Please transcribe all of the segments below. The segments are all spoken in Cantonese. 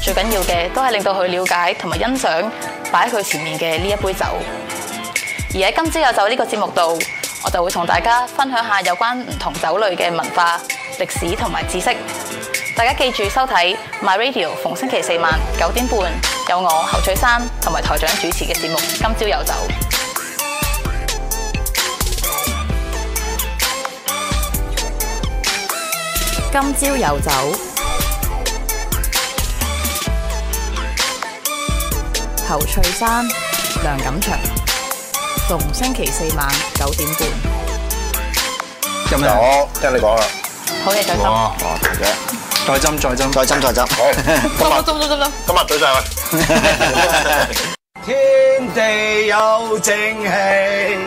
最緊要嘅都係令到佢了解同埋欣賞擺喺佢前面嘅呢一杯酒。而喺今朝有酒呢個節目度，我就會同大家分享下有關唔同酒類嘅文化、歷史同埋知識。大家記住收睇 My Radio，逢星期四晚九點半有我侯翠珊同埋台長主持嘅節目《今朝有酒》。今朝有酒。侯翠珊、梁錦祥，逢星期四晚九點半。有冇？我聽你講啦。好嘅，再斟，再斟鬆，再斟，再斟，再斟。今日，今日再見。 天地有正氣，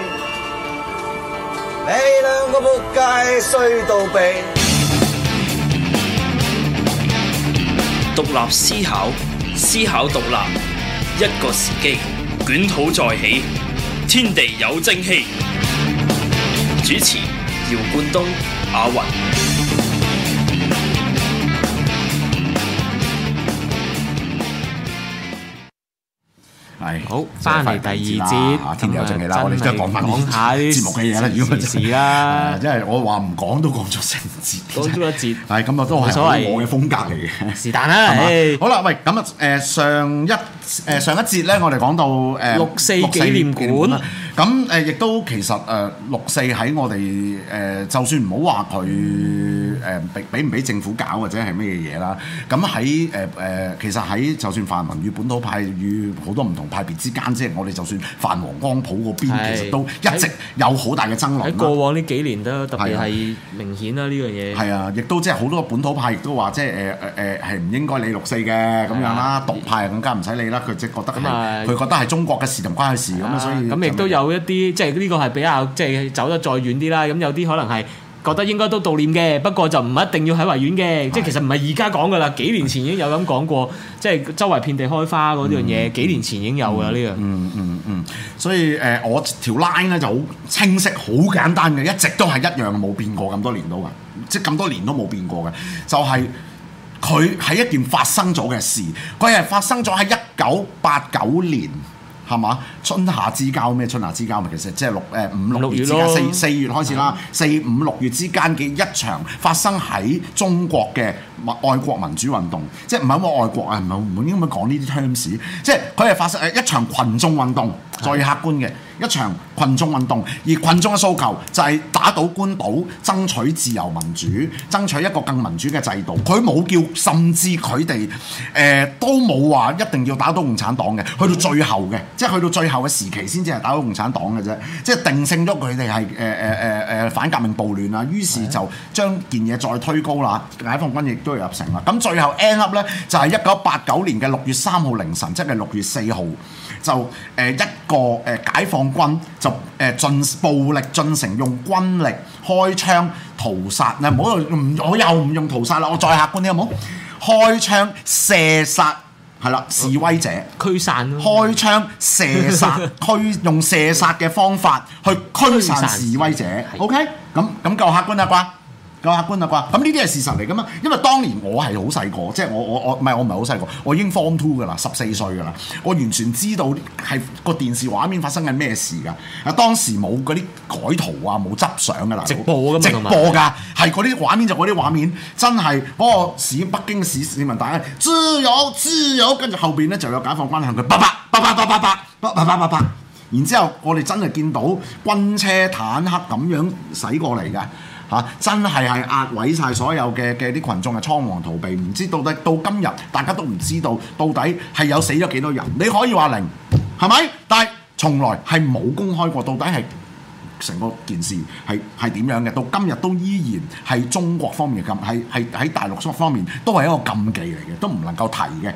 你兩個仆街衰到痹。獨立思考，思考獨立。一個時機，捲土再起，天地有正氣。主持：姚冠東、阿雲。係、哎、好，翻嚟第二節，天地有正氣啦，啦真我哋又講翻下節目嘅嘢啦。如果唔係真係，即係我話唔講都講咗成節，講咗一節，係咁啊，都係我嘅以風格嚟嘅。是但啦，係吧嘿好啦，喂，咁啊，誒上一，誒上一節咧，我哋講到誒六四紀念館，咁誒亦都其實誒六四喺我哋誒，就算唔好話佢誒，俾唔俾政府搞或者係乜嘢嘢啦。咁喺誒誒，其實喺就算泛民與本土派與好多唔同派別之間，即係我哋就算泛黃光譜嗰邊，其實都一直有好大嘅爭論。喺過往呢幾年都特別係明顯啦呢樣嘢。係啊，亦都即係好多本土派亦都話，即係誒誒誒係唔應該理六四嘅咁樣啦，獨派更加唔使理。咁佢覺得係中國嘅事，唔關佢事，咁所以咁亦都有一啲，即係呢個係比較即係走得再遠啲啦。咁有啲可能係覺得應該都悼念嘅，不過就唔一定要喺維園嘅。即係其實唔係而家講噶啦，幾年前已經有咁講過，即係周圍遍地開花嗰樣嘢，幾年前已經有噶呢樣。嗯嗯嗯。所以誒，我條 line 咧就好清晰、好簡單嘅，一直都係一樣冇變過，咁多年都嘅，即係咁多年都冇變過嘅，就係。佢係一件發生咗嘅事，佢係發生咗喺一九八九年，係嘛？春夏之交咩？春夏之交咪，其實即係六誒、呃、五六月之間，六月咯，四四月開始啦，係呀四五六月之間嘅一場發生喺中國嘅。愛國民主運動，即係唔係乜愛國啊？唔係唔應該咁講呢啲 terms。即係佢係發生誒一場群眾運動，最客觀嘅是的 一場群眾運動，而群眾嘅訴求就係打倒官倒，爭取自由民主，爭取一個更民主嘅制度。佢冇叫，甚至佢哋誒都冇話一定要打倒共產黨嘅。去到最後嘅，即係去到最後嘅時期先至係打倒共產黨嘅啫。即係定性咗佢哋係誒誒誒誒反革命暴亂啊。於是就將件嘢再推高啦。解放軍亦都。都入城啦，咁最後 end up 咧就係一九八九年嘅六月三號凌晨，即係六月四號，就誒一個誒解放軍就誒進暴力進城，用軍力開槍屠殺。你唔好又唔用屠殺啦，我再客觀啲好唔好？開槍射殺係啦，示威者驅散咯。開槍射殺驅用射殺嘅方法去驅散示威者。OK，咁咁夠客觀啦啩？個客觀啊啩，咁呢啲係事實嚟噶嘛？因為當年我係好細個，即係我我我唔係我唔係好細個，我已經 form two 噶啦，十四歲噶啦，我完全知道係個電視畫面發生緊咩事噶。啊，當時冇嗰啲改圖啊，冇執相噶啦，直播噶嘛，直播噶，係嗰啲畫面就嗰啲畫面，真係嗰個市、嗯、北京市市民大家自由自由，跟住後邊咧就有解放軍向佢啪啪啪啪啪啪啪，叭叭叭叭，然之後我哋真係見到軍車坦克咁樣駛過嚟嘅。嚇！真係係壓毀曬所有嘅嘅啲羣眾嘅，倉皇逃避，唔知到底到今日大家都唔知道到底係有死咗幾多人？你可以話零係咪？但係從來係冇公開過到底係成個件事係係點樣嘅？到今日都依然係中國方面嘅禁係係喺大陸方面都係一個禁忌嚟嘅，都唔能夠提嘅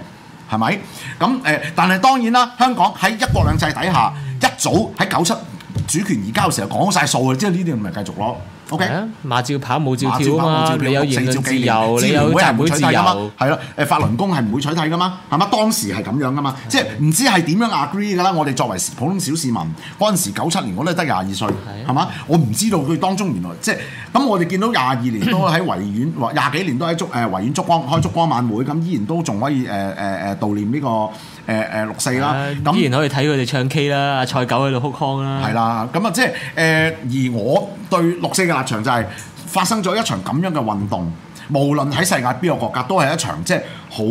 係咪？咁誒，但係當然啦，香港喺一國兩制底下，一早喺九七主權移交嘅時候講曬數嘅，即係呢啲唔咪繼續咯。O.K. 馬照跑，舞照跳啊嘛！有言論自由，你又唔會唔會自由？係咯，誒法輪功係唔會取締噶嘛？係嘛？當時係咁樣噶嘛？即係唔知係點樣 agree 㗎啦！我哋作為普通小市民，嗰陣時九七年我都得廿二歲，係嘛？我唔知道佢當中原來即係咁，我哋見到廿二年都喺維園，廿幾年都喺燭誒維園燭光開燭光晚會，咁依然都仲可以誒誒誒悼念呢個誒誒六四啦，依然可以睇佢哋唱 K 啦，阿蔡狗喺度哭腔啦，係啦，咁啊即係誒而我對六四嘅。場就係發生咗一場咁樣嘅運動，無論喺世界邊個國家都係一場即係好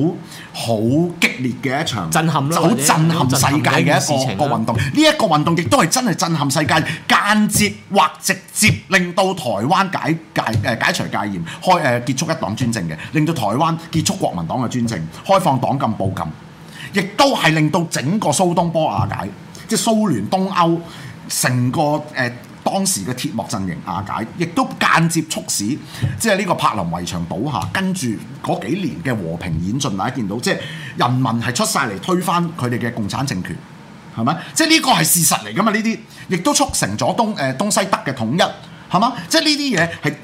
好激烈嘅一場震撼，好震撼世界嘅一個一個運動。呢、這、一個運動亦都係真係震撼世界，間接或直接令到台灣解解誒解除戒嚴，開誒結束一黨專政嘅，令到台灣結束國民黨嘅專政，開放黨禁報禁，亦都係令到整個蘇東波瓦解，即係蘇聯東歐成個誒。呃當時嘅鐵幕陣營瓦解，亦都間接促使即係呢個柏林圍牆倒下，跟住嗰幾年嘅和平演進，大家見到即係人民係出晒嚟推翻佢哋嘅共產政權，係咪？即係呢個係事實嚟㗎嘛？呢啲亦都促成咗東誒、呃、東西德嘅統一，係嘛？即係呢啲嘢係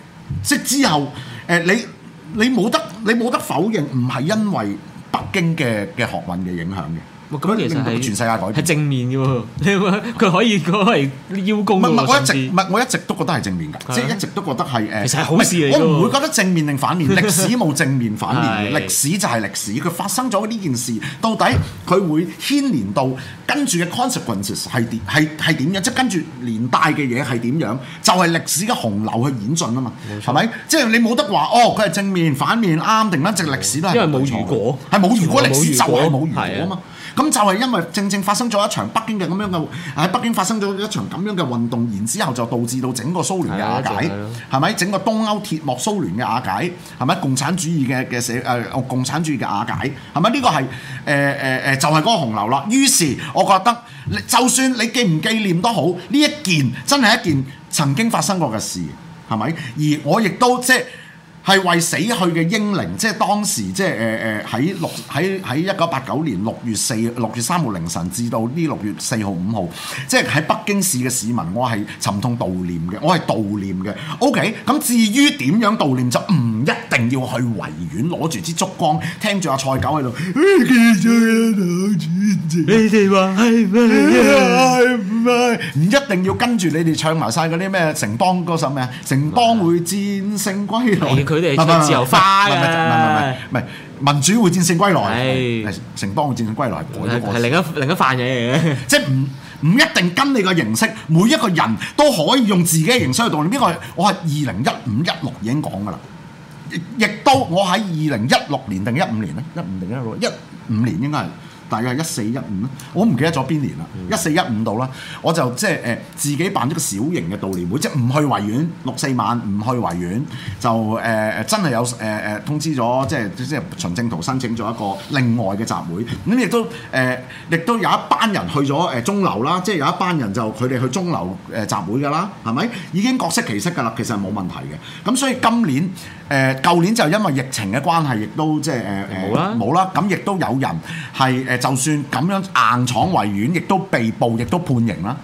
即係之後誒、呃、你你冇得你冇得否認，唔係因為北京嘅嘅學運嘅影響嘅。咁樣令到全世界改變係正面嘅喎，佢佢可以攞嚟邀功。唔係，我一直唔係，我一直都覺得係正面嘅，的即係一直都覺得係誒，其實係好事嚟。我唔會覺得正面定反面， 歷史冇正面反面嘅，的歷史就係歷史，佢發生咗呢件事，到底佢會牽連到跟住嘅 consequences 係點係係點樣？即係跟住連帶嘅嘢係點樣？就係、是就是、歷史嘅洪流去演進啊嘛，係咪錯？即係你冇得話哦，佢係正面反面啱定啦，直即係歷史都係冇錯。係冇如果，果歷史就係冇如果啊嘛。錯咁就係因為正正發生咗一場北京嘅咁樣嘅喺北京發生咗一場咁樣嘅運動，然之後就導致到整個蘇聯嘅瓦解，係咪、啊就是？整個東歐鐵幕蘇聯嘅瓦解，係咪？共產主義嘅嘅社誒共產主義嘅瓦解，係咪？呢、這個係誒誒誒就係、是、嗰個洪流啦。於是，我覺得就算你記唔記念都好，呢一件真係一件曾經發生過嘅事，係咪？而我亦都即係。係為死去嘅英靈，即係當時，即係誒誒喺六喺喺一九八九年六月四六月三號凌晨至到呢六月四號五號，即係喺北京市嘅市民，我係沉痛悼念嘅，我係悼念嘅。OK，咁至於點樣悼念就唔。嗯一定要去維園攞住支燭光，聽住阿蔡狗喺度。你哋話係咪？係咪？唔一定要跟住你哋唱埋晒嗰啲咩城邦歌手咩？城邦會戰勝歸來，佢哋係自由花唔係民主會戰勝歸來，城邦會戰勝歸來係另一另一塊嘢，即係唔唔一定跟你個形式，每一個人都可以用自己嘅形式去悼。呢個我係二零一五一六已經講㗎啦。亦都我喺二零一六年定一五年咧，一五定一六一五年應該係。大概係一四一五啦，我唔記得咗邊年啦。一四一五度啦，我就即係誒自己辦咗個小型嘅悼念會，即係唔去維園六四晚，唔去維園就誒誒、呃、真係有誒誒、呃、通知咗，即係即係循正途申請咗一個另外嘅集會。咁亦都誒亦、呃、都有一班人去咗誒鐘樓啦，即係有一班人就佢哋去鐘樓誒集會㗎啦，係咪？已經各適其適㗎啦，其實係冇問題嘅。咁所以今年誒舊、呃、年就因為疫情嘅關係，亦都即係誒誒冇啦，咁亦都有人係誒。呃就算咁樣硬闖維園，亦都被捕，亦都判刑啦。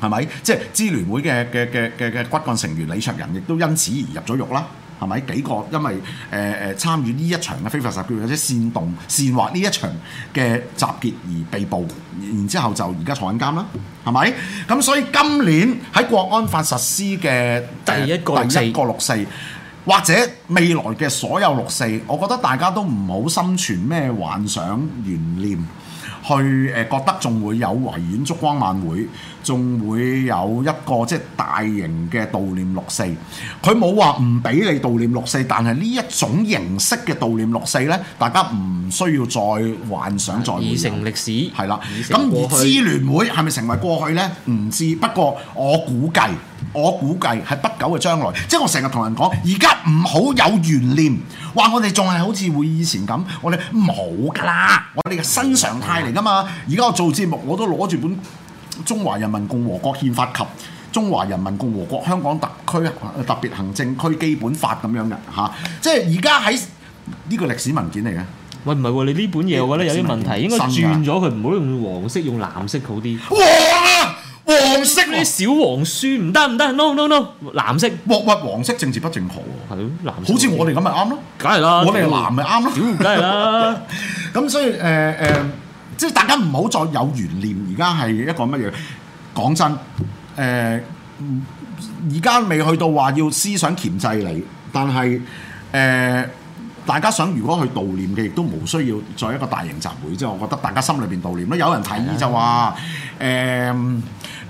係咪？即係支聯會嘅嘅嘅嘅嘅骨幹成員李卓人亦都因此而入咗獄啦。係咪？幾個因為誒誒、呃、參與呢一場嘅非法集結或者煽動、煽惑呢一場嘅集結而被捕，然之後就而家坐緊監啦。係咪？咁所以今年喺國安法實施嘅第一個六四。或者未來嘅所有六四，我覺得大家都唔好心存咩幻想、懸念，去誒覺得仲會有維園燭光晚會，仲會有一個即係、就是、大型嘅悼念六四。佢冇話唔俾你悼念六四，但係呢一種形式嘅悼念六四呢，大家唔需要再幻想再已成歷史。係啦了，咁而支聯會係咪成為過去呢？唔知，不過我估計。我估計係不久嘅將來，即係我成日同人講，而家唔好有懸念，話我哋仲係好似會以前咁，我哋冇噶啦，我哋嘅新常態嚟噶嘛。而家我做節目，我都攞住本《中華人民共和國憲法》及《中華人民共和國香港特區特別行政區基本法》咁樣嘅嚇，即係而家喺呢個歷史文件嚟嘅。喂，唔係喎，你呢本嘢我覺得有啲問題，應該轉咗佢，唔好用黃色，用藍色好啲。黃色呢？小黃書唔得唔得，no no no，藍色。博物黃色政治不正確喎、啊，係咯，藍，好似我哋咁咪啱咯，梗係啦，我哋係藍咪啱咯，點唔得啊？咁所以誒誒、呃，即係大家唔好再有懸念，而家係一個乜嘢？講真，誒、呃，而家未去到話要思想鉗制你，但係誒、呃，大家想如果去悼念嘅，亦都冇需要再一個大型集會，即係我覺得大家心裏邊悼念啦。有人提議就話誒。的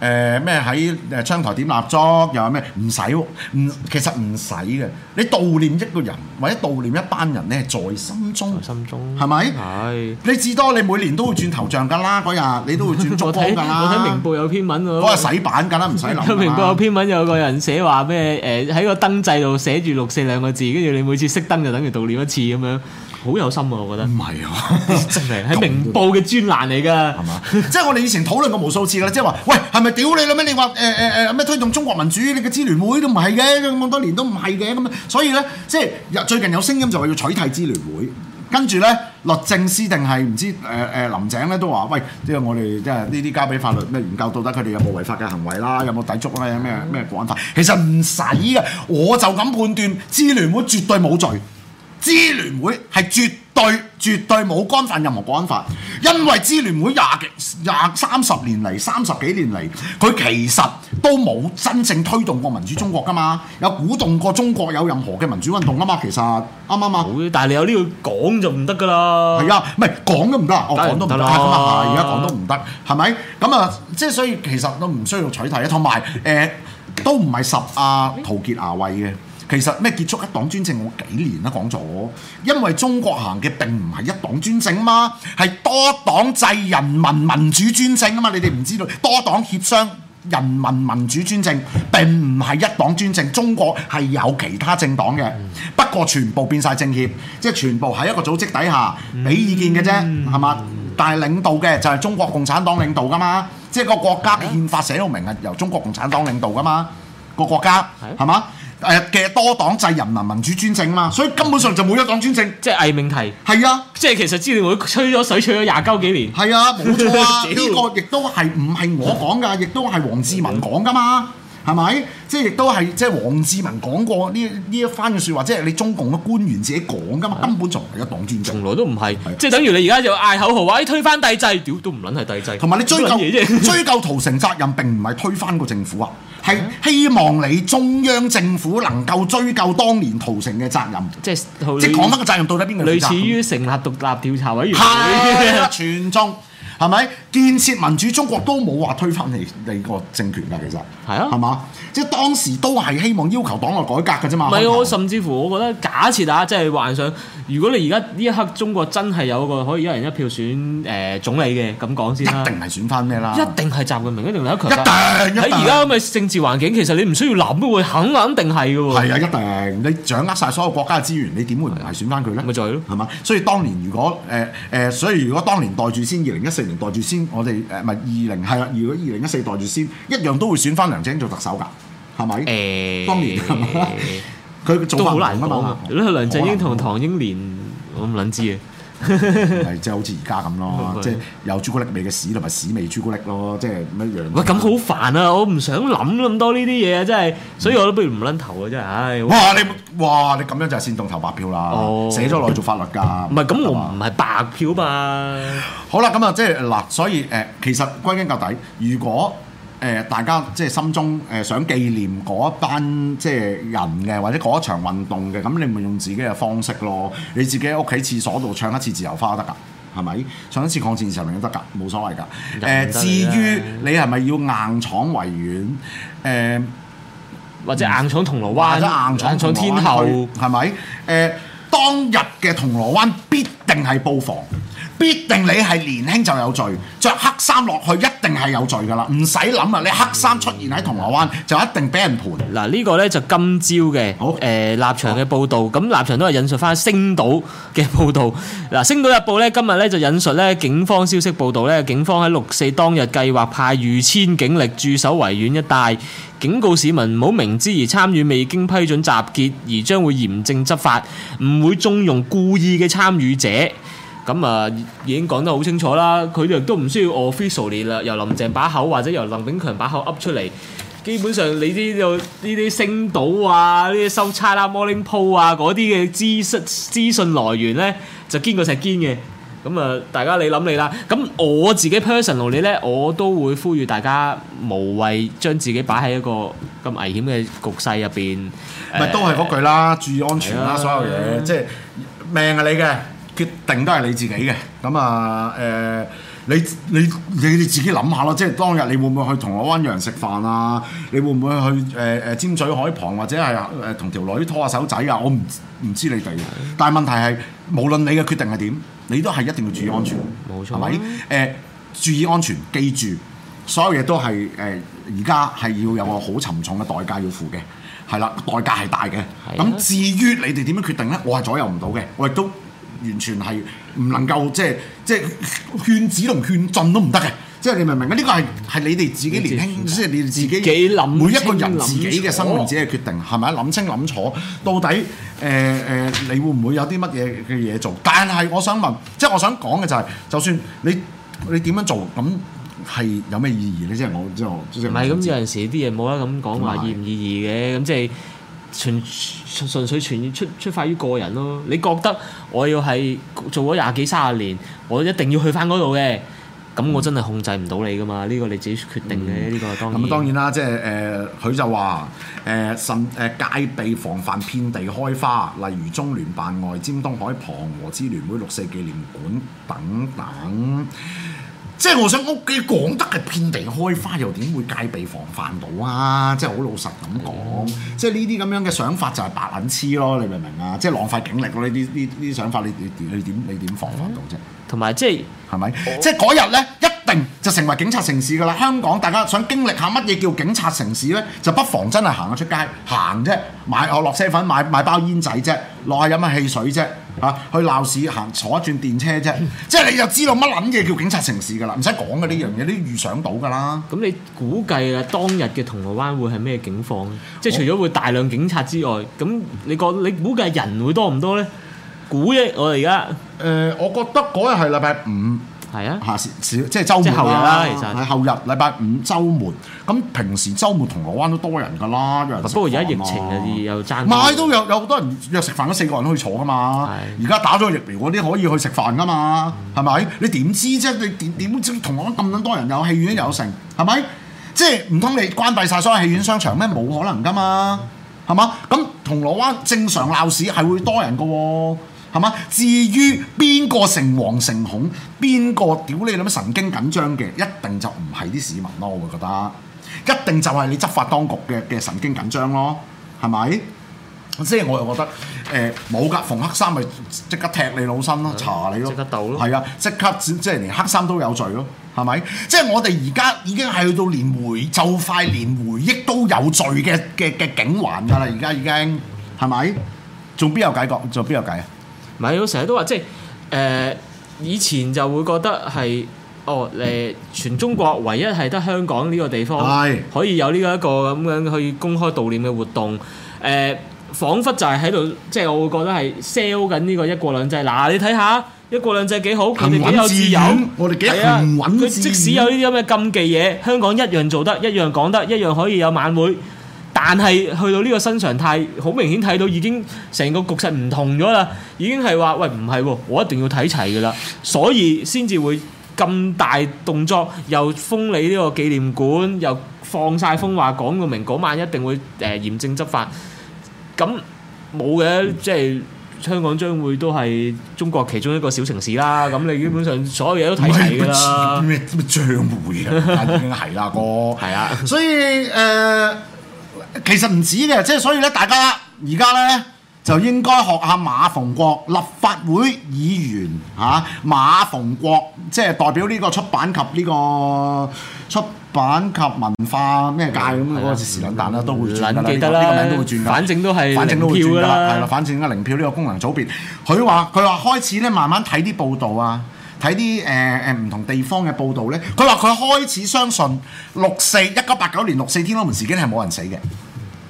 誒咩喺誒窗台點蠟燭，又話咩唔使喎？唔，其實唔使嘅。你悼念一個人或者悼念一班人咧，你在心中，喺心中係咪？係吧。哎、你至多你每年都會轉頭像㗎啦，嗰日你都會轉燭光㗎啦 我睇明報有篇文，嗰日洗版㗎啦，唔使諗。明報 有，有篇文，有個人寫話咩誒喺個燈掣度寫住六四兩個字，跟住你每次熄燈就等於悼念一次咁樣。好有心啊！我覺得唔係啊，真係喺明報嘅專欄嚟噶，係嘛？即係我哋以前討論過無數次啦，即係話喂，係咪屌你啦咩？你話誒誒誒咩推動中國民主？你嘅支聯會都唔係嘅，咁多年都唔係嘅，咁所以咧，即係最近有聲音就話要取締支聯會，跟住咧律政司定係唔知誒誒林鄭咧都話喂，即係我哋即係呢啲交俾法律咩研究到底佢哋有冇違法嘅行為啦，有冇抵觸咧咩咩講法。其實唔使嘅，我就咁判斷，支聯會絕對冇罪。支聯會係絕對絕對冇干犯任何國安法，因為支聯會廿幾廿三十年嚟三十幾年嚟，佢其實都冇真正推動過民主中國㗎嘛，有鼓動過中國有任何嘅民主運動㗎嘛，其實啱啱啊？但係你有呢個講就唔得㗎啦，係、哦嗯嗯、啊，唔係講都唔得，我講都唔得啦，而家講都唔得，係咪？咁啊，即係、啊 啊、所，所以其實都唔需要取締啊，同埋誒都唔係十阿陶傑牙衞嘅。 其實咩結束一黨專政我幾年啦，講咗，因為中國行嘅並唔係一黨專政嘛，係多黨制人民民主專政啊嘛，你哋唔知道多黨協商人民民主專政並唔係一黨專政，中國係有其他政黨嘅，不過全部變晒。政協，即係全部喺一個組織底下俾意見嘅啫，係嘛、嗯？但係領導嘅就係中國共產黨領導噶嘛，即係個國家嘅憲法寫到明係由中國共產黨領導噶嘛，個國家係嘛？誒，嘅多黨制人民民主專政嘛，所以根本上就冇一黨專政，即係偽命題。係啊，即係其實資料會吹咗水，吹咗廿鳩幾年。係啊，冇錯啊，呢 個亦都係唔係我講噶，亦都係王志民講噶嘛，係咪？即係亦都係即係王志民講過呢呢一番嘅説話，即係你中共嘅官員自己講噶嘛，啊、根本就唔係一黨專政，從來都唔係。啊、即係等於你而家就嗌口號話啲推翻帝制，屌都唔撚係帝制。同埋你追究、啊、追究屠城責任並唔係推翻個政府啊！係希望你中央政府能夠追究當年屠城嘅責，責任，即係即係講乜嘅責任，到底邊個嘅責任？類似於成立獨立調查委員會 是，全中係咪？建設民主中國都冇話推翻你你個政權㗎，其實係啊，係嘛？即係當時都係希望要求黨內改革㗎啫嘛。係啊是，台我甚至乎我覺得假設下即係幻想，如果你而家呢一刻中國真係有個可以一人一票選誒總理嘅，咁講先啦，一定係選翻咩啦？一定係習近平，一定係一強。一定喺而家咁嘅政治環境，其實你唔需要諗嘅喎，肯定係嘅喎。係啊，一定你掌握晒所有國家資源，你點會唔係選翻佢咧？咪、啊、就係、是、咯，係嘛？所以當年如果誒誒、呃，所以如果當年代住先，二零一四年代住先。我哋誒咪二零係啦，如果二零一四代住先，一樣都會選翻梁振英做特首㗎，係咪？誒、欸，當年佢 做翻法 都好難講、啊。如果梁振英同唐英年，我唔撚知嘅。 係即係好似而家咁咯，即係有朱古力味嘅屎同埋屎味朱古力咯，即係乜樣？喂，咁好煩啊！我唔想諗咁多呢啲嘢啊，真係，所以我都不如唔撚投啊，真係、哎。哇！你哇！你咁樣就係煽動投白票啦、啊。哦，寫咗落去做法律㗎。唔係，咁我唔係白票嘛。好啦，咁啊，即係嗱，所以誒，其實歸根究底，如果，誒，大家即係心中誒想紀念嗰一班即係人嘅，或者嗰一場運動嘅，咁你咪用自己嘅方式咯。你自己喺屋企廁所度唱一次自由花都得噶，係咪？唱一次抗戰時尚都得噶，冇所謂噶。誒，至於你係咪要硬闖維園？誒、呃，或者硬闖銅鑼灣，硬闖天后，係咪？誒、呃，當日嘅銅鑼灣必定係布防。必定你係年輕就有罪，着黑衫落去一定係有罪噶啦，唔使諗啊！你黑衫出現喺銅鑼灣就一定俾人盤。嗱，呢個呢就今朝嘅誒立場嘅報導，咁好立場都係引述翻星島嘅報導。嗱，星島日報呢今日呢就引述呢警方消息報道呢，呢警方喺六四當日計劃派逾千警力駐守維園一帶，警告市民唔好明知而參與未經批准集結，而將會嚴正執法，唔會縱容故意嘅參與者。咁啊、嗯，已經講得好清楚啦。佢哋都唔需要我 officially 你啦，由林鄭把口或者由林炳強把口噏出嚟。基本上，你啲呢啲星島啊，呢啲收差啦 Morning Post 啊，嗰啲嘅資訊資訊來源呢，就堅過石堅嘅。咁、嗯、啊，大家你諗你啦。咁、嗯、我自己 personally 落嚟呢，我都會呼籲大家無謂將自己擺喺一個咁危險嘅局勢入邊。咪都係嗰句啦，啊、注意安全啦，啦所有嘢即係命啊你嘅。定都係你自己嘅，咁啊誒，你你你自己諗下咯，即係當日你會唔會去銅鑼灣約人食飯啊？你會唔會去誒誒、呃、尖咀海旁或者係誒同條女拖下手仔啊？我唔唔知你哋，的但係問題係無論你嘅決定係點，你都係一定要注意安全，冇、嗯、錯、啊，係咪？誒、呃，注意安全，記住，所有嘢都係誒，而家係要有個好沉重嘅代價要付嘅，係啦，代價係大嘅。咁的至於你哋點樣決定呢？我係左右唔到嘅，我亦都。完全係唔能夠即係即係勸止同勸進都唔得嘅，即係你明唔明啊？呢個係係你哋自己年輕，即係你哋自己每一個人自己嘅生活，自己嘅決定係咪啊？諗清諗楚，到底誒誒，你會唔會有啲乜嘢嘅嘢做？但係我想問，即係我想講嘅就係，就算你你點樣做，咁係有咩意義咧？即係我即係唔係咁有陣時啲嘢冇得咁講話意唔意義嘅，咁即係。純純粹全以出出發於個人咯，你覺得我要係做咗廿幾三十年，我一定要去翻嗰度嘅，咁我真係控制唔到你噶嘛？呢個你自己決定嘅，呢個、嗯、當然。咁啊、嗯、當然啦，即係誒，佢、呃、就話誒，甚、呃、誒戒備防範遍地開花，例如中聯辦外、尖東海旁、和支聯會六四紀念館等等。即係我想屋企講得係遍地開花，又點會戒備防範到啊！即係好老實咁講，嗯、即係呢啲咁樣嘅想法就係白癲痴咯，你明唔明啊？即係浪費警力咯，呢啲呢啲想法，你你你點你點防範到啫？同埋、嗯即係、吧即係係咪？即係嗰日咧，一定就成為警察城市㗎啦！香港大家想經歷下乜嘢叫警察城市咧，就不妨真係行下出街行啫，買我落車粉，買買包煙仔啫，落去飲下汽水啫。嚇！去鬧市行坐一轉電車啫， 即係你就知道乜撚嘢叫警察城市噶啦，唔使講嘅，呢樣嘢都預想到噶啦。咁你估計啊，當日嘅銅鑼灣會係咩景況？即係除咗會大量警察之外，咁你覺你估計人會多唔多呢？估一，我哋而家誒，我覺得嗰日係禮拜五。係啊，嚇！即係周末啦，係後日禮、啊、拜五週末。咁平時週末銅鑼灣都多人㗎啦，不過而家疫情嗰啲又爭，買都有有好多人約食飯，嗰四個人去坐㗎嘛。而家的打咗疫苗嗰啲可以去食飯㗎嘛，係咪、嗯？你點知啫？你點點即係銅鑼灣咁多人有戲院有剩，係咪？即係唔通你關閉晒所有戲院商場咩？冇可能㗎嘛，係嘛？咁銅鑼灣正常鬧市係會多人㗎喎。係嘛？至於邊個誠惶誠恐，邊個屌你諗咩神經緊張嘅，一定就唔係啲市民咯，我會覺得，一定就係你執法當局嘅嘅神經緊張咯，係咪？即係、嗯、我又覺得，誒冇噶，逢黑衫咪即刻踢你老身咯，嗯、查你咯，即刻到咯，係啊，即刻即係連黑衫都有罪咯，係咪？即、就、係、是、我哋而家已經係去到連回就快連回憶都有罪嘅嘅嘅警環㗎啦，而家已經係咪？仲邊有解角？仲邊有計啊？唔係，我成日都話，即係誒、呃、以前就會覺得係哦誒，全中國唯一係得香港呢個地方係係可以有呢個一個咁樣去公開悼念嘅活動誒、呃，彷彿就係喺度，即係我會覺得係 sell 緊呢個一國兩制。嗱，你睇下一國兩制幾好，佢哋幾有自由，自我哋幾、啊、平等。佢即使有呢啲咁嘅禁忌嘢，香港一樣做得，一樣講得，一樣可以有晚會。但係去到呢個新常態，好明顯睇到已經成個局勢唔同咗啦，已經係話喂唔係，我一定要睇齊噶啦，所以先至會咁大動作，又封你呢個紀念館，又放晒風話講到明，嗰晚一定會誒嚴正執法。咁冇嘅，即係香港將會都係中國其中一個小城市啦。咁你基本上所有嘢都睇齊噶啦。咩咩賬戶嘢，但係已經係啦，哥。係啊，所以誒。其實唔止嘅，即係所以咧，大家而家咧就應該學下馬逢國立法會議員嚇、啊、馬逢國，即係代表呢個出版及呢、呢個出版及文化咩界咁嗰、嗰個的時冷蛋啦，都會轉啦。你唔記得啦？呢個名都會轉㗎喇。反正都係，反正都會轉啦。係啦，反正嘅零票呢個功能組別，佢話佢話開始咧，慢慢睇啲報道啊。睇啲誒誒唔同地方嘅報道咧，佢話佢開始相信六四一九八九年六四天安門事件係冇人死嘅，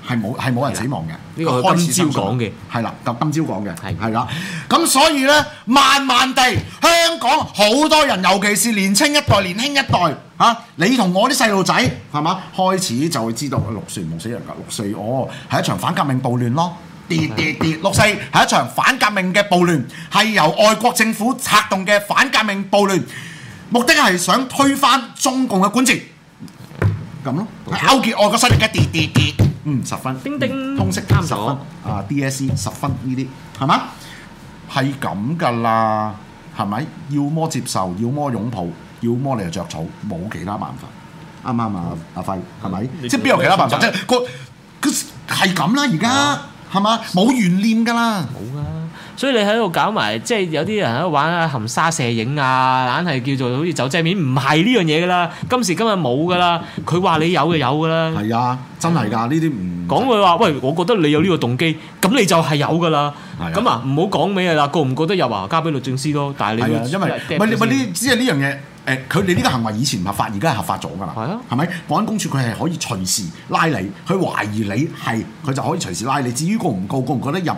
係冇係冇人死亡嘅。呢個今朝講嘅係啦，今今朝講嘅係係啦。咁所以咧，慢慢地香港好多人，尤其是年青一代、年輕一代嚇，你同我啲細路仔係嘛，開始就會知道六四冇死人㗎，六四哦係一場反革命暴亂咯。跌跌跌，六四係一場反革命嘅暴亂，係由外國政府策動嘅反革命暴亂，目的係想推翻中共嘅管治，咁咯，勾結外國勢力嘅跌跌跌，嗯十分，丁、嗯、丁，通識攤手啊 DSE 十分呢啲係嘛，係咁噶啦，係咪？要麼接受，要麼擁抱，要麼你就着草，冇其他辦法，啱啱啊？阿輝係咪？啊啊啊、即邊有其他辦法？即個個係咁啦，而家、啊。係嘛？冇懸念噶啦，冇啦。所以你喺度搞埋，即係有啲人喺度玩含沙射影啊，硬係叫做好似走精面，唔係呢樣嘢噶啦。今時今日冇噶啦，佢話你有就有噶啦。係啊，真係噶呢啲唔講佢話說。喂，我覺得你有呢個動機，咁你就係有噶啦。咁的啊，唔好講尾啊啦。覺唔覺得又啊？交俾律政司多。但係你因為唔係你唔係你，只係呢樣嘢。誒佢哋呢個行為以前唔合法，而家係合法咗㗎啦。係啊，係咪保安公署佢係可以隨時拉你，佢懷疑你係佢就可以隨時拉你。至於告唔告，告唔告得入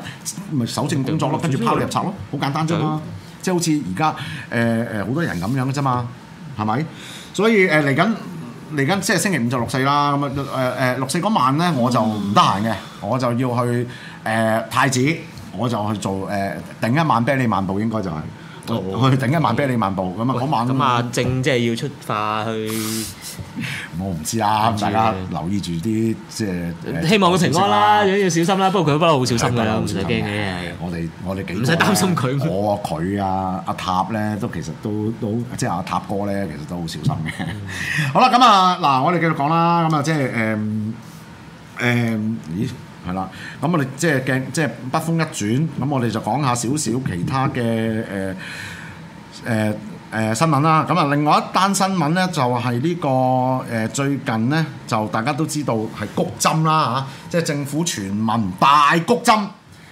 咪、就是、搜證工作咯，跟住拋你入冊咯，好正簡單啫嘛。即係正好似而家誒誒好多人咁樣嘅啫嘛，係咪？所以誒嚟緊嚟緊即係星期五就六四啦。咁啊誒誒六四嗰晚咧我就唔得閒嘅，嗯、我就要去誒、呃、太子，我就去做誒頂一晚啤你萬步應該就係，是。去頂一晚俾你漫步咁啊。嗰晚咁啊，正即係要出發去，我唔知啊。大家留意住啲即係。希望個情況啦，要小心啦。不過佢不嬲好小心嘅，唔使驚嘅。我哋我哋幾唔使擔心佢。我啊，佢啊，阿塔咧都其實都都即係阿塔哥咧，其實都好小心嘅。好啦，咁啊嗱，我哋繼續講啦。咁啊，即係誒誒依。係啦，咁我哋即係鏡，即係北風一轉，咁我哋就講下少少其他嘅誒誒誒新聞啦。咁啊，另外一單新聞咧就係呢個誒最近咧就大家都知道係谷針啦嚇，即係政府全民大谷針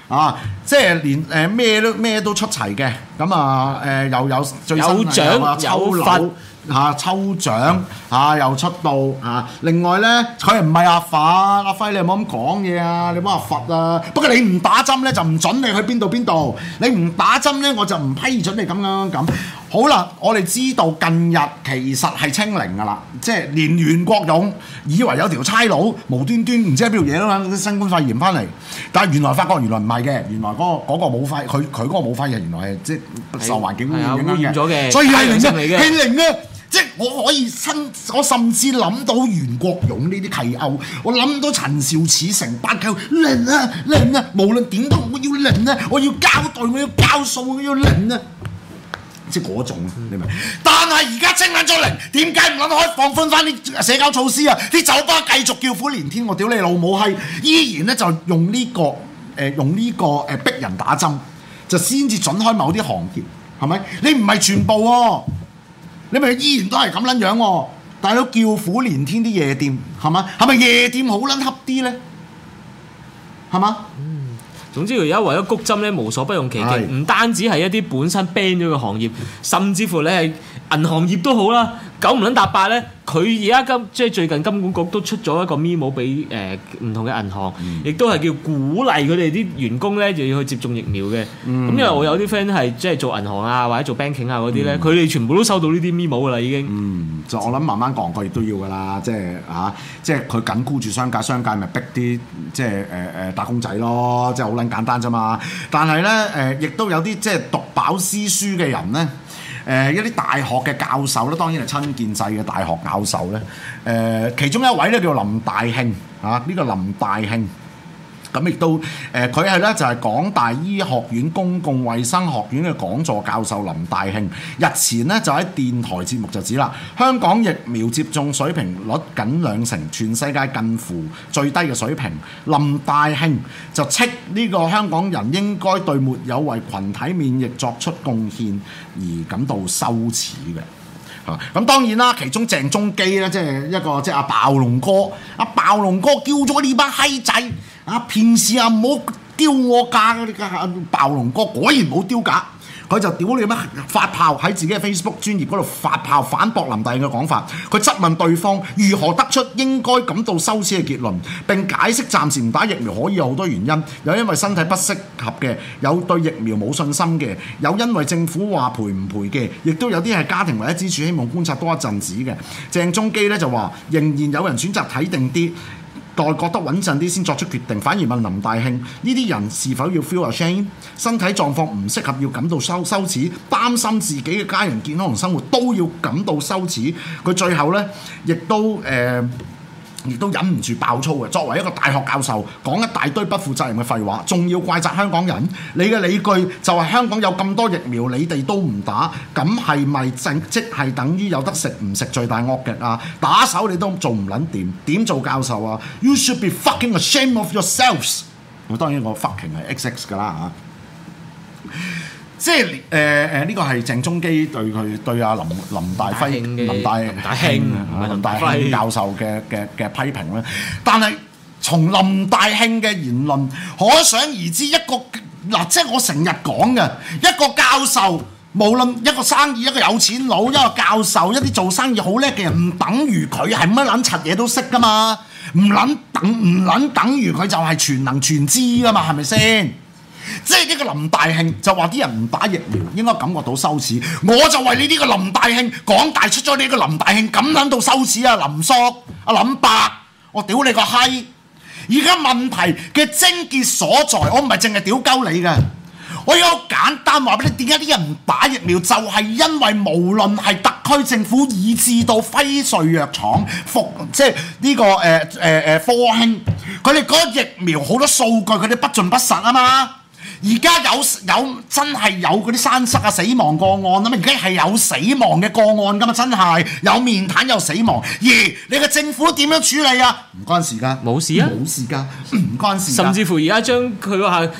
啊，即係連誒咩都咩都出齊嘅。咁啊誒又有最新有有獎有罰。嚇、啊、抽獎嚇、啊、又出道。嚇、啊，另外呢，佢又唔係阿佛，阿輝你唔好咁講嘢啊！你幫阿佛啊！不過你唔打針咧就唔准你去邊度邊度，你唔打針咧我就唔批准你咁樣咁。好啦，我哋知道近日其實係清零噶啦，即係連袁國勇以為有條差佬無端端唔知喺邊度嘢啦，新冠肺炎翻嚟，但係原來發覺原來唔係嘅，原來嗰、嗰個冇肺，佢佢嗰個冇肺嘅，原來係即係受環境污染咗嘅，嗯、所以係零啫，係零啊！即係我可以親，我甚至諗到袁國勇呢啲歧拗，我諗到陳肇始成八扣零啊零啊，無論點都我要零啊，我要交代，我要交數，我要零啊！即係嗰種，你明？但係而家清撚咗嚟，點解唔諗開放寬翻啲社交措施啊？啲酒吧繼續叫苦連天，我屌你老母閪，依然咧就用呢、呢個誒、呃、用呢個誒逼人打針，就先至準開某啲行業，係咪？你唔係全部喎、啊，你咪依然都係咁撚樣喎、啊。但係都叫苦連天啲夜店，係嘛？係咪夜店好撚恰啲咧？係嘛？總之，而家為咗谷針咧，無所不用其極，唔是的 單止係一啲本身崩咗嘅行業，甚至乎你係，銀行業都好啦。九唔撚搭八咧，佢而家今即係最近金管局都出咗一個 memo 俾誒唔同嘅銀行，亦都係叫鼓勵佢哋啲員工咧，就要去接種疫苗嘅。咁、嗯、因為我有啲 friend 係即係做銀行啊，或者做 banking 啊嗰啲咧，佢哋全部都收到呢啲 memo 噶啦，已經。嗯，就我諗慢慢講，佢亦都要噶啦，即係嚇、啊，即係佢緊箍住商界，商界咪逼啲即係誒誒打工仔咯，即係好撚簡單啫嘛。但係咧誒，亦、呃、都有啲即係讀飽詩書嘅人咧。嗯誒、呃、一啲大學嘅教授咧，當然係親建制嘅大學教授咧。誒、呃、其中一位咧叫林大慶，啊呢、這個林大慶。咁亦都誒，佢係咧就係、是、港大醫學院公共衛生學院嘅講座教授林大慶。日前咧就喺電台節目就指啦，香港疫苗接種水平率僅兩成，全世界近乎最低嘅水平。林大慶就斥呢個香港人應該對沒有為群體免疫作出貢獻而感到羞恥嘅。嚇、啊！咁當然啦，其中鄭中基咧，即、就、係、是、一個即係阿暴龍哥，阿、啊、暴龍哥叫咗呢班閪仔。啊！平時啊，冇丟我架嘅你暴龍哥，果然冇丟架，佢就屌你咩，發炮喺自己嘅 Facebook 專頁嗰度發炮反駁林大嘅講法。佢質問對方如何得出應該感到羞恥嘅結論，並解釋暫時唔打疫苗可以有好多原因，有因為身體不適合嘅，有對疫苗冇信心嘅，有因為政府話賠唔賠嘅，亦都有啲係家庭唯一支柱，希望觀察多一陣子嘅。鄭中基咧就話，仍然有人選擇睇定啲，待覺得穩陣啲先作出決定，反而問林大慶呢啲人是否要 feel ashamed？身體狀況唔適合要感到羞羞恥，擔心自己嘅家人健康同生活都要感到羞恥。佢最後咧亦都誒。呃亦都忍唔住爆粗嘅。作為一個大學教授，講一大堆不負責任嘅廢話，仲要怪責香港人。你嘅理據就係香港有咁多疫苗，你哋都唔打，咁係咪正即係等於有得食唔食最大惡極啊？打手你都做唔撚掂，點做教授啊？You should be fucking ashamed of yourselves。我當然我 fucking 係 XX 噶啦啊！即係誒誒，呢個係鄭中基對佢對阿林林大輝林大林大慶林大慶教授嘅嘅嘅批評咧。但係從林大慶嘅言論，可想而知一個嗱，即係我成日講嘅一個教授，無論一個生意、一個有錢佬、一個教授、一啲做生意好叻嘅人，唔等於佢係乜撚柒嘢都識㗎嘛？唔撚等唔撚等於佢就係全能全知㗎嘛？係咪先？即係呢個林大慶就話啲人唔打疫苗應該感覺到羞恥，我就為你呢個林大慶講大出咗你個林大慶咁諗到羞恥啊，林叔阿林伯，我屌你個閪！而家問題嘅癥結所在，我唔係淨係屌鳩你嘅，我有個簡單話俾你，點解啲人唔打疫苗就係、是、因為無論係特區政府以至到輝瑞藥廠服，即係呢、這個誒誒誒科興，佢哋嗰個疫苗好多數據佢哋不盡不實啊嘛～而家有有真係有嗰啲山塞啊、死亡個案啊嘛，而家係有死亡嘅個案噶嘛，真係有面癱有死亡，而你嘅政府點樣處理啊？唔關事㗎，冇事啊，冇事㗎，唔關事，甚至乎而家將佢個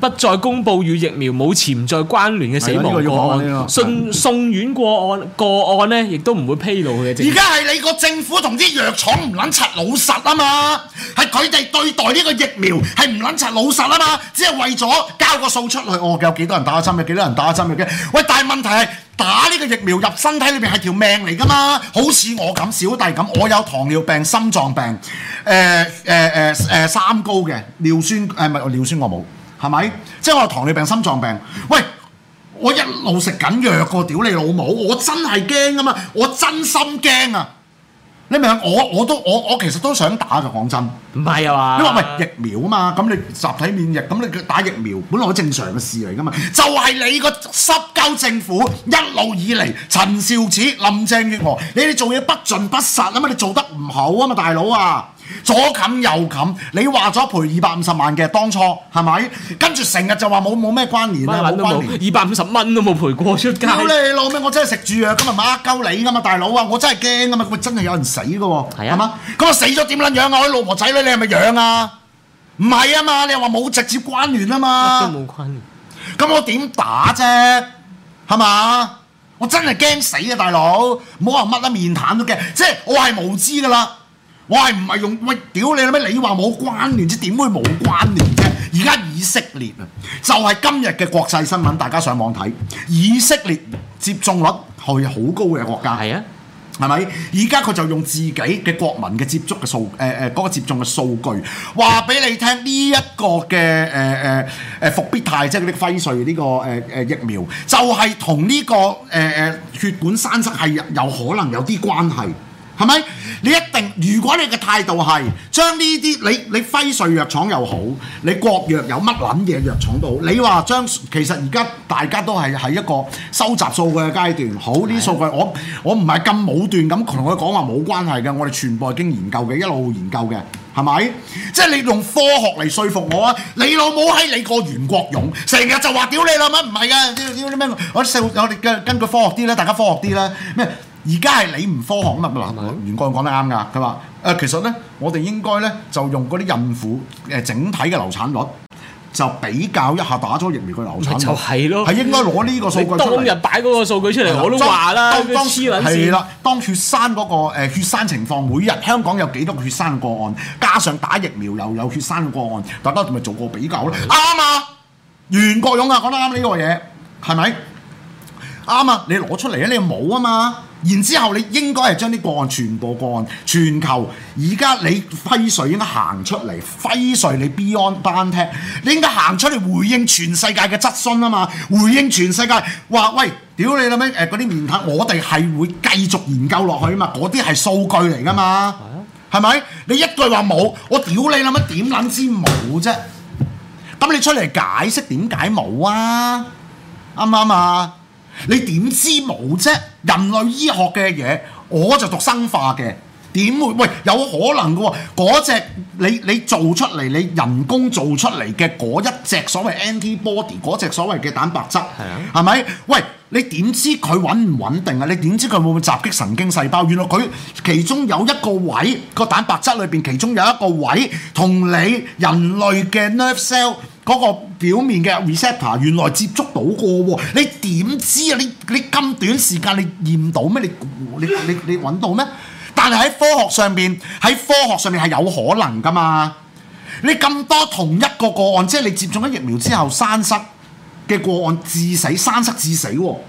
不再公布與疫苗冇潛在關聯嘅死亡個案，個個送送院個案個案咧，亦都唔會披露嘅。而家係你個政府同啲藥廠唔撚柒老實啊嘛，係佢哋對待呢個疫苗係唔撚柒老實啊嘛，只係為咗交個數出去，我、哦、有幾多人打針？有幾多人打針？喂，但係問題係打呢個疫苗入身體裏邊係條命嚟㗎嘛，好似我咁，小弟咁，我有糖尿病、心臟病，誒誒誒誒三高嘅尿酸誒，唔、呃、係尿酸，尿酸，酸我冇。係咪？即係我有糖尿病、心臟病，喂！我一路食緊藥個、啊、屌你老母，我真係驚啊嘛！我真心驚啊！你明唔明？我我都我我其實都想打就講真，唔係啊嘛！你話喂疫苗啊嘛，咁你集體免疫，咁你打疫苗本來都正常嘅事嚟㗎嘛，就係、是、你個濕鳩政府一路以嚟，陳肇始、林鄭月娥，你哋做嘢不盡不實啊嘛，你做得唔好啊嘛，大佬啊！左冚右冚，你話咗賠二百五十萬嘅當初係咪？跟住成日就話冇冇咩關聯啊，冇關聯。二百五十蚊都冇賠過出。屌你老味，我真係食住啊！今日抹鳩你啊嘛，大佬啊，我真係驚啊嘛，佢真係有人死嘅喎，係嘛？咁、啊、我死咗點撚樣啊？我老婆仔女你係咪養啊？唔係啊嘛，你話冇直接關聯啊嘛，都冇關聯。咁我點打啫？係嘛？我真係驚死啊，大佬！冇好話乜都面癱都驚，即係我係無知噶啦。我係唔係用喂屌你老味？你話冇關聯，之點會冇關聯啫？而家以色列啊，就係、是、今日嘅國際新聞，大家上網睇。以色列接種率係好高嘅國家，係啊的，係咪？而家佢就用自己嘅國民嘅接觸嘅數，誒誒嗰個接種嘅數據，話俾你聽呢一個嘅誒誒誒復必泰，即係啲輝瑞呢、這個誒誒、呃、疫苗，就係同呢個誒誒、呃、血管栓塞係有可能有啲關係。係咪？你一定，如果你嘅態度係將呢啲，你你輝瑞藥廠又好，你國藥有乜撚嘢藥廠都好，你話將其實而家大家都係喺一個收集數據嘅階段。好呢啲吧數據我，我我唔係咁武斷咁同佢講話冇關係嘅，我哋全部係經研究嘅，一路研究嘅，係咪？即係你用科學嚟説服我啊！你老母喺你個袁國勇，成日就話屌你老母唔係㗎！咩？我哋根據科學啲啦，大家科學啲啦咩？而家係你唔科學啊嘛！嗱嗎，袁國勇講得啱㗎，佢話：誒其實咧，我哋應該咧就用嗰啲孕婦誒整體嘅流產率，就比較一下打咗疫苗嘅流產率。就係咯，係應該攞呢個數據出嚟。當日擺嗰個數據出嚟，的我都話啦，黐撚線。係啦，當血栓嗰個，誒血栓情況，每日香港有幾多個血栓個案，加上打疫苗又有血栓個案，大家咪做個比較咯。啱啊，袁國勇啊，講得啱呢個嘢，係咪？啱啊，你攞出嚟啊，你冇啊嘛！然之後，你應該係將啲個案全部個案全球，而家你輝瑞應該行出嚟，輝瑞你 BioNTech，你應該行出嚟回應全世界嘅質詢啊嘛，回應全世界話喂，屌你啦咩？嗰啲面癱，我哋係會繼續研究落去啊嘛，嗰啲係數據嚟噶嘛，係咪、啊？你一句話冇，我屌你啦咩？點撚知冇啫？咁你出嚟解釋點解冇啊？啱唔啱啊？你點知冇啫？人類醫學嘅嘢，我就讀生化嘅，點會？喂，有可能嘅喎，嗰隻你你做出嚟，你人工做出嚟嘅嗰一隻所謂 antibody，嗰隻所謂嘅蛋白質，係咪、嗯？喂，你點知佢穩唔穩定啊？你點知佢會唔會襲擊神經細胞？原來佢其中有一個位、個蛋白質裏邊，其中有一個位同你人類嘅 nerve cell。嗰個表面嘅 receptor，原來接觸到過喎，你點知啊？你你咁短時間你驗到咩？你你你你揾到咩？但係喺科學上邊，喺科學上面係有可能㗎嘛？你咁多同一個個案，即係你接種咗疫苗之後，生失嘅個案致死，生失致死喎、啊。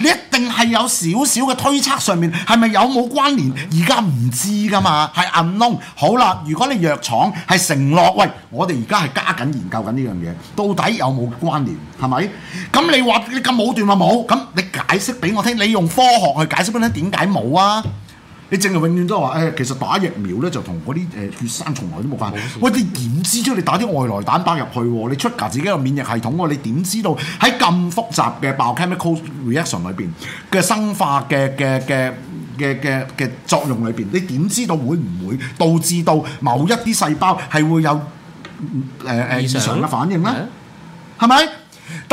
你一定係有少少嘅推測上面，係咪有冇關聯？而家唔知噶嘛，係 unknown。好啦，如果你藥廠係承諾，喂，我哋而家係加緊研究緊呢樣嘢，到底有冇關聯？係咪？咁你話你咁武斷話冇，咁你解釋俾我聽，你用科學去解釋咧，點解冇啊？你淨係永遠都係話，哎，其實打疫苗咧就同嗰啲誒血生從來都冇關係，別說 喂，你點知啫，你打啲外來蛋白入去，你 trigger 自己個免疫系統，你點知道喺咁複雜嘅 biochemical reaction 裏邊嘅生化嘅嘅嘅嘅嘅嘅作用裏邊，你點知道會唔會導致到某一啲細胞係會有誒誒，呃、異常嘅，呃、反應咧？係咪，啊？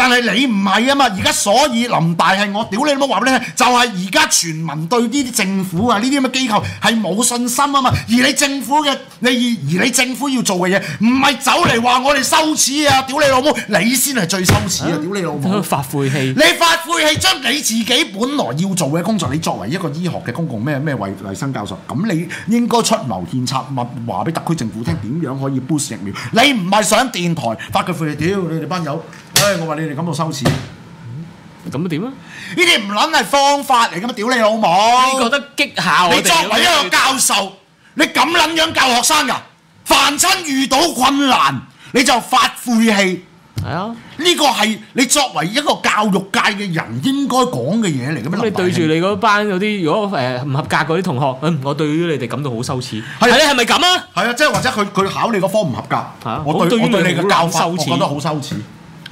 但係你唔係啊嘛，而家所以林大係我屌你老母話俾你聽，就係而家全民對呢啲政府啊呢啲咁嘅機構係冇信心啊嘛。而你政府嘅你而你政府要做嘅嘢，唔係走嚟話我哋羞恥啊！屌你老母，你先係最羞恥啊！屌你老母，發晦氣，你發晦氣將你自己本來要做嘅工作，你作為一個醫學嘅公共咩咩衞衞生教授，咁你應該出謀獻策，乜話俾特區政府聽點樣可以 boost 疫苗？你唔係上電台發嘅晦氣，屌你哋班友！唉，我話你哋感到羞恥，咁都點啊？呢啲唔撚係方法嚟噶咩？屌你老母！你覺得激效？你作為一個教授，你咁撚樣教學生噶？凡親遇到困難你就發晦氣，係啊？呢個係你作為一個教育界嘅人應該講嘅嘢嚟噶咩？你對住你嗰班有啲如果誒唔合格嗰啲同學，嗯，我對於你哋感到好羞恥。係你係咪咁啊？係啊，即係或者佢佢考你個科唔合格，我對我對你嘅教法，我覺得好羞恥。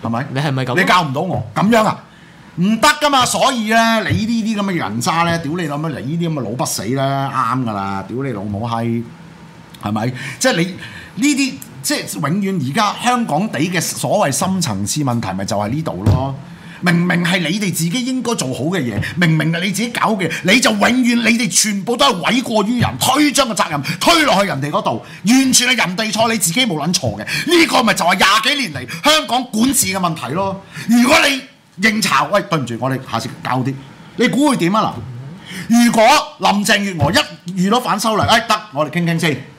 係咪？是是你係咪咁？你教唔到我咁樣啊？唔得㗎嘛！所以咧，你呢啲咁嘅人渣咧，屌你老母！你呢啲咁嘅老不死啦，啱㗎啦，屌你老母閪！係咪？即係你呢啲，即係永遠而家香港地嘅所謂深層次問題，咪就係呢度咯。明明係你哋自己應該做好嘅嘢，明明係你自己搞嘅，你就永遠你哋全部都係諉過於人，推將個責任推落去人哋嗰度，完全係人哋錯，你自己冇卵錯嘅。呢、這個咪就係廿幾年嚟香港管治嘅問題咯。如果你應酬，喂，對唔住，我哋下次搞啲，你估會點啊？嗱，如果林鄭月娥一遇到反修例，哎得，我哋傾傾先。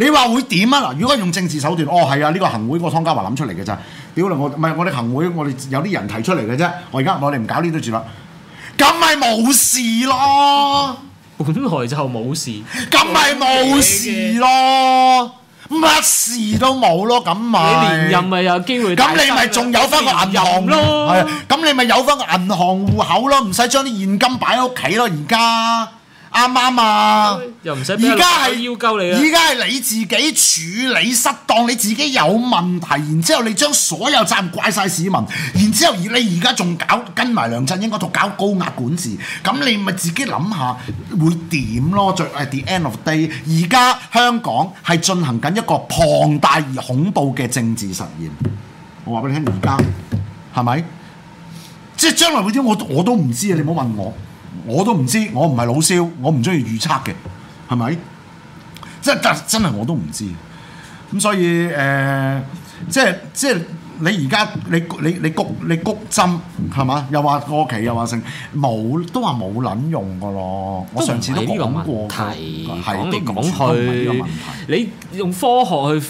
你話會點啊？嗱，如果用政治手段，哦係啊，呢、呢個行會我湯家驊諗出嚟嘅咋？屌我唔係我哋行會，我哋有啲人提出嚟嘅啫。我而家我哋唔搞呢堆住啦，咁咪冇事咯。本來就冇事，咁咪冇事咯，乜事都冇咯，咁嘛。你連任咪有機會？咁你咪仲有翻個銀行咯，咁任、啊、你咪有翻個銀行戶口咯，唔使將啲現金擺喺屋企咯，而家。啱啱啊？又唔使而家係要救你啦！而家係你自己處理失當， 你自己有問題，然之後你將所有責任怪晒市民，然之後而你而家仲搞跟埋梁振英嗰度搞高壓管治，咁你咪自己諗下會點咯？最 at，the end of day，而家香港係進行緊一個龐大而恐怖嘅政治實驗。我話俾你聽，而家係咪？即係將來會點？我我都唔知啊！你唔好問我。我都唔知，我唔係老蕭，我唔中意預測嘅，係咪？真真真係我都唔知。咁所以誒、呃，即係即係你而家你你你谷你谷針係嘛？又話過期又，又話成冇都話冇撚用㗎咯。我上次都講過,過，講嚟講去，係咪呢個問題你用科學去，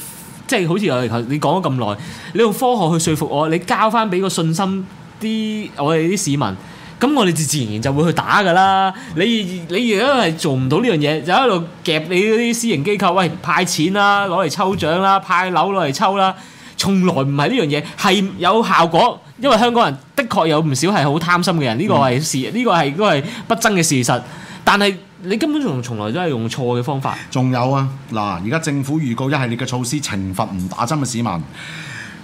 即、就、係、係、好似誒，你講咗咁耐，你用科學去說服我，你交翻俾個信心啲我哋啲市民。咁我哋自自然然就會去打噶啦！你你如果係做唔到呢樣嘢，就喺度夾你啲私營機構，喂，派錢啦，攞嚟抽獎啦，派樓攞嚟抽啦，從來唔係呢樣嘢，係有效果，因為香港人的確有唔少係好貪心嘅人，呢、這個係事，呢、嗯、個係都係不爭嘅事實。但係你根本從從來都係用錯嘅方法。仲有啊，嗱，而家政府預告一系列嘅措施，懲罰唔打針嘅市民。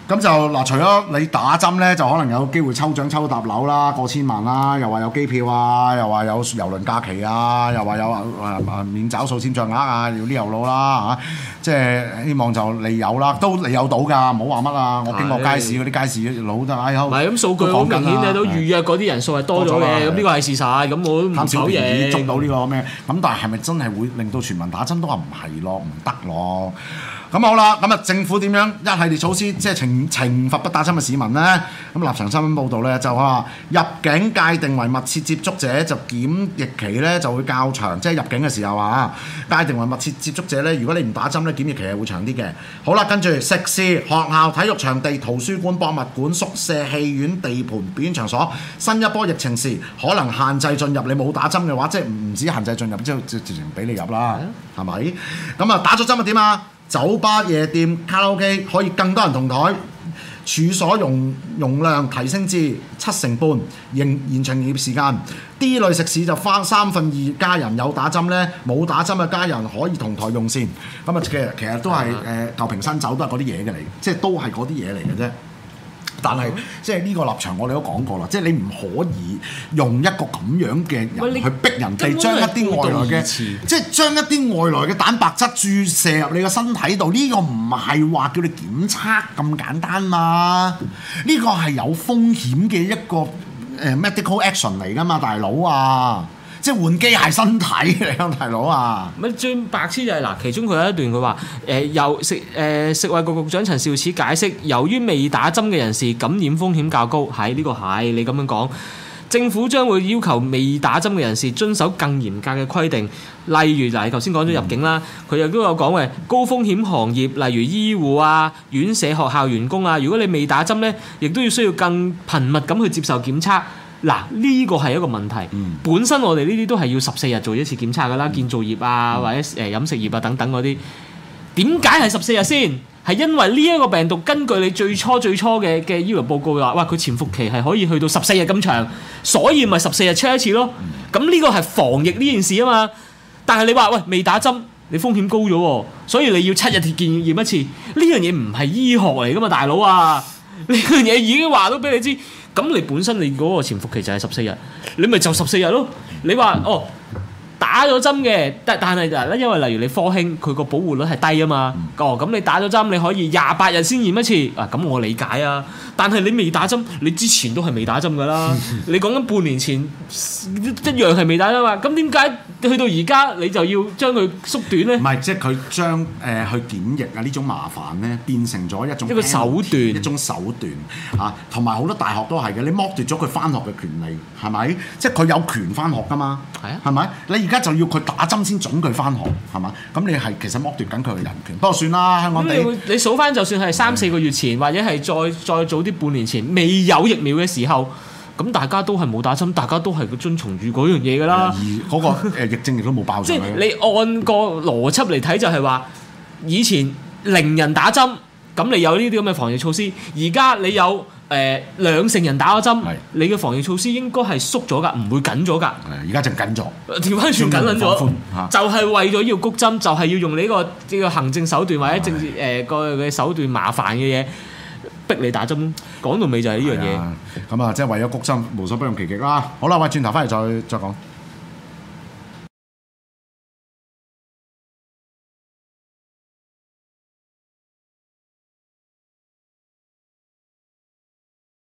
咁就嗱，除咗你打針咧，就可能有機會抽獎、抽搭樓啦、過千萬啦，又話有機票啊，又話有郵輪假期、呃、啊，又話有啊啊免找數簽賬額啊，要呢又路啦嚇，即係希望就你有啦，都你有到㗎，唔好話乜啊！我經過街市嗰啲的街市老得閪閪～唔、哎、係，咁數據好明顯你都預約嗰啲人數係多咗嘅，咁呢個係事實，咁的我都唔講嘢。減少已經捉到呢個咩？咁但係係咪真係會令到全民打針都話唔係咯？唔得咯？咁好啦，咁啊政府點樣一系列措施，即係懲懲罰不打針嘅市民呢？咁立場新聞報導呢，就話，入境界定為密切接觸者就檢疫期呢就會較長，即係入境嘅時候啊，界定為密切接觸者呢，如果你唔打針呢，檢疫期係會長啲嘅。好啦，跟住食肆、學校、體育場地、圖書館、博物館、宿舍、戲院、地盤表演場所，新一波疫情時可能限制進入。你冇打針嘅話，即係唔止限制進入，之後即係直接俾你入啦，係咪嗎？咁啊，打咗針啊點啊？酒吧、夜店、卡拉 OK 可以更多人同台，處所容容量提升至七成半，延延長營業時間。D 類食肆就翻三分二家人有打針呢，冇打針嘅家人可以同台用膳。咁、嗯、啊，其實其實都係誒、呃、舊瓶新酒都係嗰啲嘢嘅嚟，即係都係嗰啲嘢嚟嘅啫。但係，即係呢個立場，我哋都講過啦。即係你唔可以用一個咁樣嘅人去逼人哋喂將一啲外來嘅，即係將一啲外來嘅蛋白質注射入你個身體度。呢個唔係話叫你檢測咁簡單嘛。呢個係有風險嘅一個誒 medical action 嚟㗎嘛，大佬啊！即係換機械身體嚟，鄉大佬啊！咪最白痴就係、是、嗱，其中佢有一段佢話，誒、呃、由食誒、呃、食衞局局長陳肇始解釋，由於未打針嘅人士感染風險較高，係呢、這個係你咁樣講，政府將會要求未打針嘅人士遵守更嚴格嘅規定，例如嗱，頭先講咗入境啦，佢又都有講嘅高風險行業，例如醫護啊、院舍、學校員工啊，如果你未打針咧，亦都要需要更頻密咁去接受檢測。嗱，呢個係一個問題。嗯、本身我哋呢啲都係要十四日做一次檢查噶啦，嗯、建造業啊，或者誒飲食業啊等等嗰啲，點解係十四日先？係因為呢一個病毒根據你最初最初嘅嘅醫療報告話，哇佢潛伏期係可以去到十四日咁長，所以咪十四日 check 一次咯。咁呢個係防疫呢件事啊嘛。但係你話喂未打針，你風險高咗，所以你要七日檢驗一次。呢樣嘢唔係醫學嚟噶嘛，大佬啊，呢樣嘢已經話到俾你知。咁你本身你嗰個潛伏期就係十四日，你咪就十四日咯。你話哦，打咗針嘅，但但係就咧，因為例如你科興佢個保護率係低啊嘛。嗯、哦，咁你打咗針你可以廿八日先驗一次啊。咁我理解啊，但係你未打針，你之前都係未打針㗎啦。 你講緊半年前一樣係未打針嘛？咁點解？你去到而家，你就要將佢縮短咧。唔係，即係佢將誒、呃、去檢疫啊呢種麻煩咧，變成咗一種手段，一個手段，一種手段嚇。同埋好多大學都係嘅，你剝奪咗佢翻學嘅權利係咪？即係佢有權翻學㗎嘛？係啊，係咪？你而家就要佢打針先準佢翻學係嘛？咁你係其實剝奪緊佢嘅人權，不過算啦，香港你你數翻就算係三四個月前，是的 或者係再再早啲半年前未有疫苗嘅時候。咁大家都係冇打針，大家都係遵從住嗰樣嘢㗎啦。而嗰個誒疫症亦都冇爆。即係你按個邏輯嚟睇，就係話以前零人打針，咁你有呢啲咁嘅防疫措施。而家你有誒、呃、兩成人打咗針，是你嘅防疫措施應該係縮咗㗎，唔會緊咗㗎。而家就緊咗，調返轉緊咗，就係為咗要谷針，就係、是、要用呢個呢個行政手段或者政治誒個嘅手段麻煩嘅嘢。逼你打針，講到尾就係呢樣嘢。咁啊，即係為咗谷心，無所不用其極啦。好啦，我轉頭翻嚟再再講。